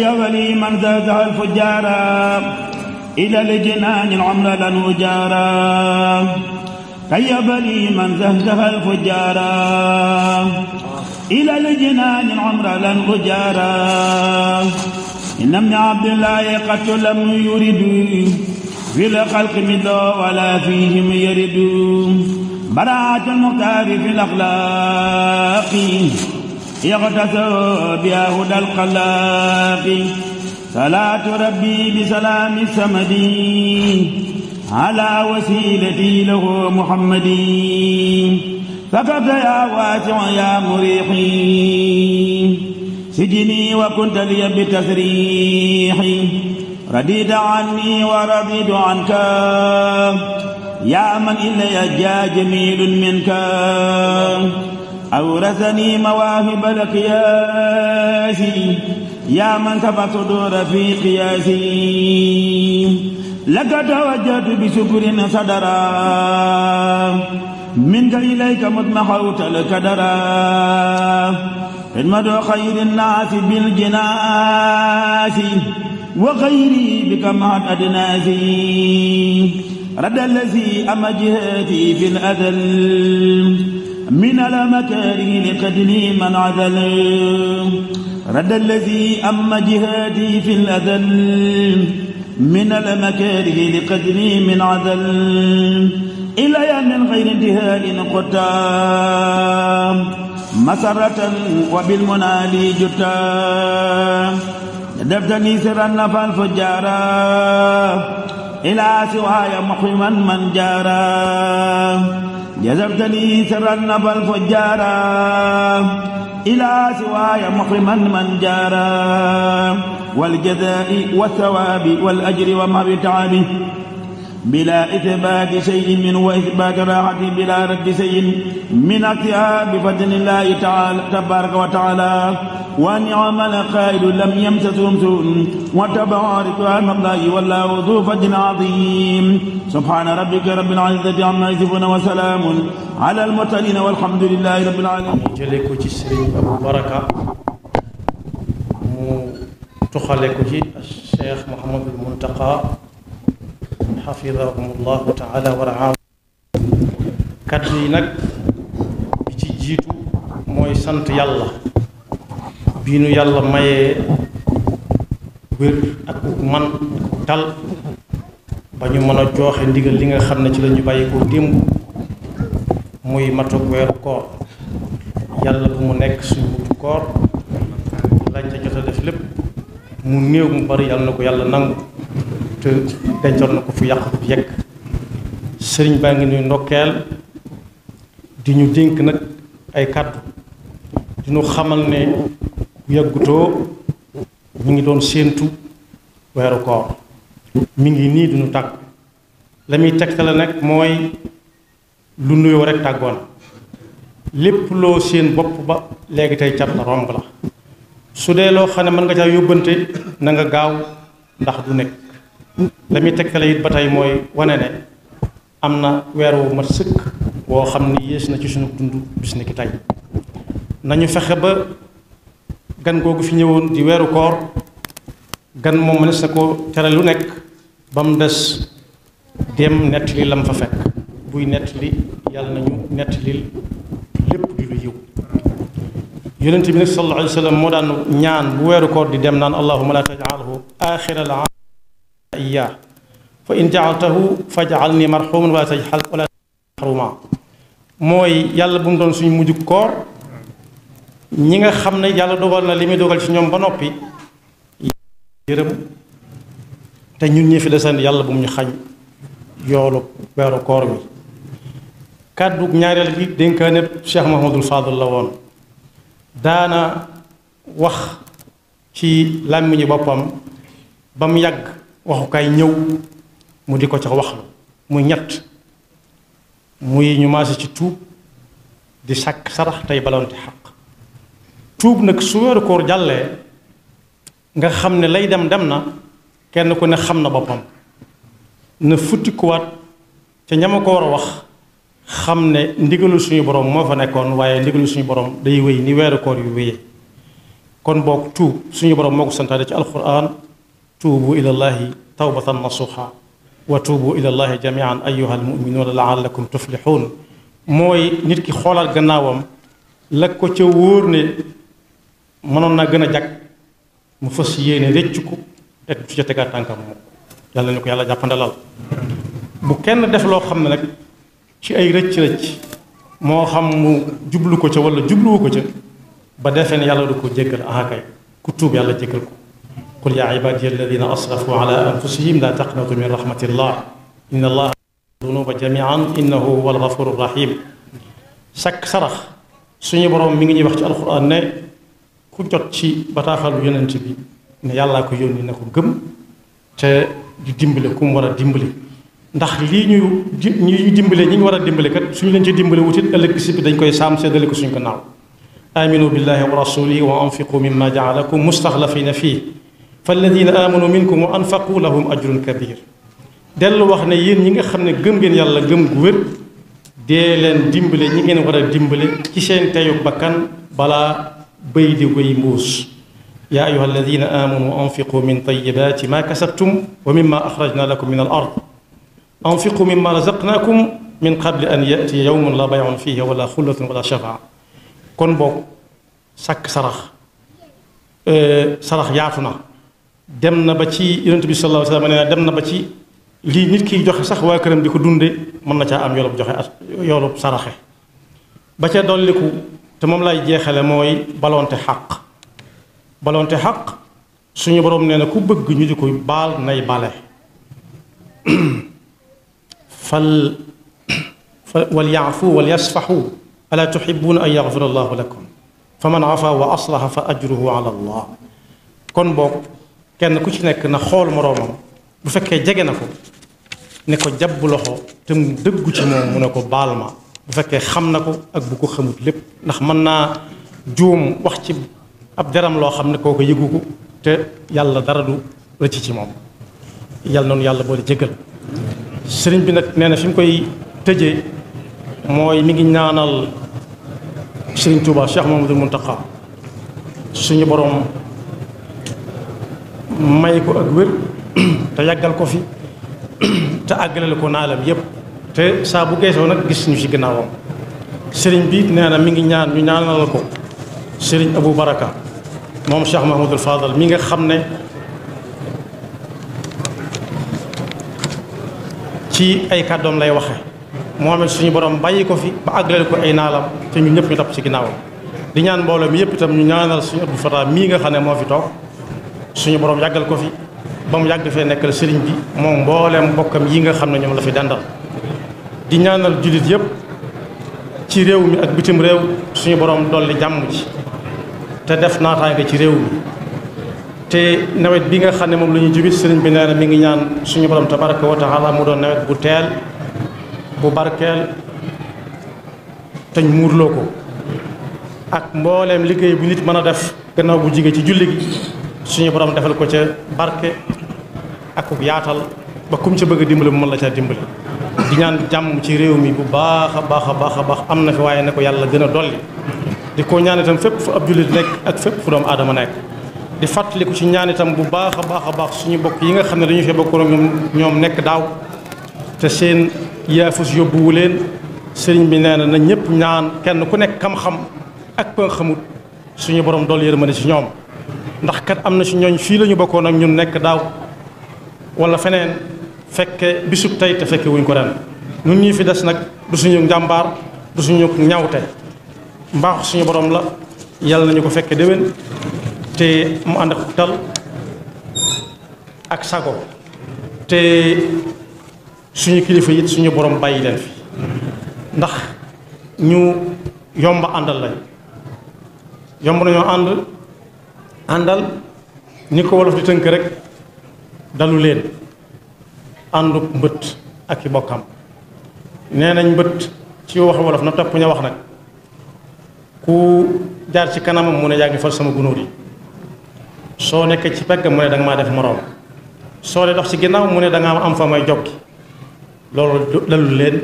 ولي من زادها الفجارة إلى الجنان العمر لن فيا ولي من زهزه الفجارة إلى الجنان العمر لن وجارا إن ابن عبد الله قد لم يرد في الخلق مدى ولا فيهم يرد براعة المختار في الأخلاق يغتسل بها هدى القلاب صلاة ربي بسلام السمد على وسيلتي له محمد فقد يا واسع يا مريحي سجني وكنت لي بتسريحي رديت عني ورضيت عنك يا من إلي جاء جميل منك أورثني مواهب القياس يا من كف دور في قياسي لك توجهت بشكر صدرا منك إليك مطمحوت الكدرا خدمة خير الناس بالجناس وغيري بك مهد أدناسي رد الذي أمجهتي في الأذل من المكاره لقتلي من عذل رد الذي أم جهادي في الأذل من المكاره لقتلي من عذل إلى يوم غير انتهاء قدام مسرة وبالمنال جتا دفتني سرا فجارا إلى سواي محرما من جارا جزرتني سر النبل فجارا إلى سواي محرما من جارا والجزاء والثواب والأجر وما بتعبه بلا إثبات شيء من وإثبات راحة بلا رد شيء من أكيها بفضل الله تعالى تبارك وتعالى ونعم الخائد لم يمسسهم سوء وتبارك رحم الله والله ذو فضل عظيم سبحان ربك رب العزة عما يصفون وسلام على المرسلين والحمد لله رب العالمين. جلكو تسرين أبو بركة تخلكو الشيخ محمد المنتقى xafidahumullahu taala wa raam kaddu yi nag bi ci jiitu mooy sant yàlla bii nu yàlla mayee wér ak man tal ba ñu mën a jooxe ndigal li nga xam ne ci la ñu bàyyi koo démb muy matuk weeru koor yàlla bu mu nekk suñu wutu koor lañ ca jot a def lépp mu néew mu bari yàlla na ko yàlla nangu te dencoon na ko fu yàqu yekk sëriñ baa ngi nuy ndokkeel di ñu dénk nag ay kàddu di nu xamal ne bu yàggutoo ñu ngi doon séentu weeru koor mi ngi nii duñu tàgg la muy tegtale nag mooy lu nuyoo rek tàggoon lépp loo séen bopp ba léegi tey cat la romb la su dee loo xam ne mën nga caa yóbbante nanga gaaw ndax du nekk la muy tegtale ba tey mooy wane ne am na weer mat sëkk woo xam ni yées na ci sunu dund bis ni ki nañu fexe ba gan googu fi ñëwoon di weeru koor gan moom mënees na ko tere lu nekk ba mu des dem nettali lam fa fekk buy nettali yàlla nañu nettali lépp di yiw yonent bi nag sallallahu alayhi moo daan ñaan bu weeru koor di dem naan allahuma la tajalhu axira iya fa in jaaltahu fajal ni marxuman mooy yàlla bu mu doon suñu mujj koor ñi nga xam ne yàlla dogal na li muy dogal ci ñoom ba noppi yërëm te ñun ñi fi desandi yàlla bu mu ñu xañ yoolu weeru koor bi kàddu ñaareel gi dénkaane Cheikh Mahamadul Fadal la woon daana wax ci làmmiñu boppam ba yàgg waxukaay ñëw mu di ko ca waxlu muy ñett muy ñu maase ci tuub di sàkk sarax tey balonte xaq tuub nag su weeru koor jàllee nga xamne lay dem dem na kenn ku ne xamna bopam ne futti ko wat ci ñama ko wara wax xamne ndigalu suñu borom mo fa nekkon waye ndigalu suñu borom day wéy ni weeru koor yu wey kon bok tuub suñu borom moko santale ci alquran توبوا إلى الله توبة نصوحا وatuubu ila llahi jamian ayuha almuminuuna laallakum tuflixuun mooy nit ki xoolaat gannaawam la ko ca wóor ne mënoon naa gën a jag mu fas yéene rëcc ko te du ca tegaat tànkam moom yàlla ñu ko yàlla jàppandalal bu kenn def loo xam ne nag ci ay rëcc-rëcc moo xam mu jublu ko ca wala jubluwu ko ca ba defee ne yàlla du ko jéggal ahakay ku tuub yàlla jéggal ko قل يا عبادي الذين أسرفوا على أنفسهم لا تقنطوا من رحمة الله إن الله ذنوب جميعا إنه هو الغفور الرحيم chaque sarax suñu borom mi ngi ñuy wax ci alquran ne ku jot ci bataaxalu yonent bi ne yàllaa ko yónni na ko gëm te di dimbale ku mu war a dimbale ndax lii ñu ñu dimbale ñi ñu war a dimbale kat suñu leen ci dimbale wutit ëllëg si bi dañ koy saam seddale ko suñ ko naaw aminu billahi wa rasulihi wa anfiqu mimma jaalakum mustaxlafina fii فالذين آمنوا منكم وأنفقوا لهم أجر كبير dellu wax ne yéen ñi nga xam ne gëm ngeen yàlla gëm gu wér dee leen dimbale ñi ngeen war a dimbale ci seen teyu bakkan يا أيها الذين آمنوا أنفقوا من طيبات ما كسبتم ومما أخرجنا لكم من الأرض أنفقوا مما رزقناكم من قبل أن يأتي يوم لا بيع فيه ولا خلة ولا شفع كن بوك سك صرخ أه صرخ يعفنا dem na ba ci yonent bi sallallahu alayhi wa sallam nee na dem na ba ci lii nit kiy joxe sax waa këram di ko dunde mën na caa am yoolub joxe ak yoolub saraxe ba ca dolliku te moom lay jeexale mooy balonte xaq balonte xaq suñu borom nee na ku bëgg ñu di ko baal nay bale fal wal yaafu wal yasfaxu alaa tuxibuuna an yaxfira allahu lakum fa man afa wa aslaha fa ajruhu ala allah kon boog kenn ku ci nekk na xool moroomam bu fekkee jege na ko ne ko jàpp loxo te mu dëggu ci moom mu ne ko baal ma bu fekkee xam na ko ak bu ko xamut lépp ndax mën naa juum wax ci ab deram loo xam ne koo ko yëgu ko te yàlla dara du rëcc ci moom yàlla noonu yàlla boole jéggal sëriñ bi nag nee na fi mu koy tëje mooy mi ngi naanal sëriñ Touba Cheikh Mamadou Mountakha suñu borom. may ko ak wér te yàggal ko fi te àggaleel ko naalam yépp te saa bu geesoo nag gis ñu ci gannaawam sëriñ bi neena na mi ngi ñaan ñu ñaanal ko sëriñ Abou Baraka moom Cheikh Mahmoudou Fadal mi nga xam ne ci ay lay waxe moom suñu borom bàyyi ko fi ba àggaleel ko ay naalam te ñu ñëpp ñu tapp ci ginnaawam di ñaan mbooloo mi yëpp itam ñu ñaanal suñu Abdou Fatah mii nga xam ne moo fi toog suñu borom yàggal ko fi ba mu yàgg fee nekkal sëriñ bi moom mbooleem bokkam yi nga xam ne ñoom la fi dàndal di ñaanal jullit yëpp ci réew mi ak bitim réew suñu borom dolli jàmm ji te def naataange ci réew mi te nawet bi nga xam ne moom la ñuy jóge sëriñ bi nee na mi ngi ñaan suñu borom tabaraka wa a mu doon nawet bu teel bu barkeel teñ muurloo ko ak mbooleem liggéey bu nit mën a def gannaaw bu jige ci julli gi suñu borom defal ko ca barke ak yaatal ba kum ca bëgg a dimbali mu mën la caa dimbali. di ñaan jàmm ci réew mi bu baax a baax a baax a baax am na fi waaye ne ko yàlla gën a dolli di koo ñaan itam fépp fu ab jullit nekk ak fépp fu doom aadama nekk. di fàttaliku ci ñaan itam bu baax a baax a baax suñu bokk yi nga xam ne dañu fee bokkoon ñoom ñoom nekk daaw te seen yaafus yóbbuwu leen sëriñ bi nee na na ñëpp ñaan kenn ku nekk xam-xam ak ba nga xamut suñu borom dolli ci ñoom. ndax kat am na si ñooñ fii lañu ñu bokkoon ak ñun nekk daaw walla feneen fekke bisub tey te fekke wuñ ko ren ñun ñii fi des nag du suñu njàmbaar du suñu ñawte mbaaxu suñu boroom la yàlla nañu ko fekke déwén te mu ànd ak dal ak sago te suñu kilifa yit suñu borom bàyyi leen fi ndax ñu yomb àndal lañ yomb nañoo ànd andal ni ko wolof di teunk rek dalu len andu mbeut ak bokam nenañ mbeut ci wax wolof na top ñu wax nak ku jaar ci kanam mu ne yaangi fal sama gunoor yi so nek ci pegg mu ne danga ma def morom so le dox ci ginaaw mu ne nga am fa may jokki dalu len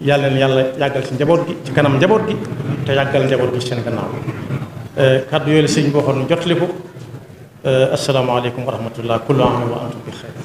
yalla len yalla yagal ci njabot gi ci kanam njabot gi te yagal njabot gi seen gannaaw eh, kàddu kaddu la sëñ bi waxoon أه، السلام عليكم ورحمة الله كل عام وأنتم بخير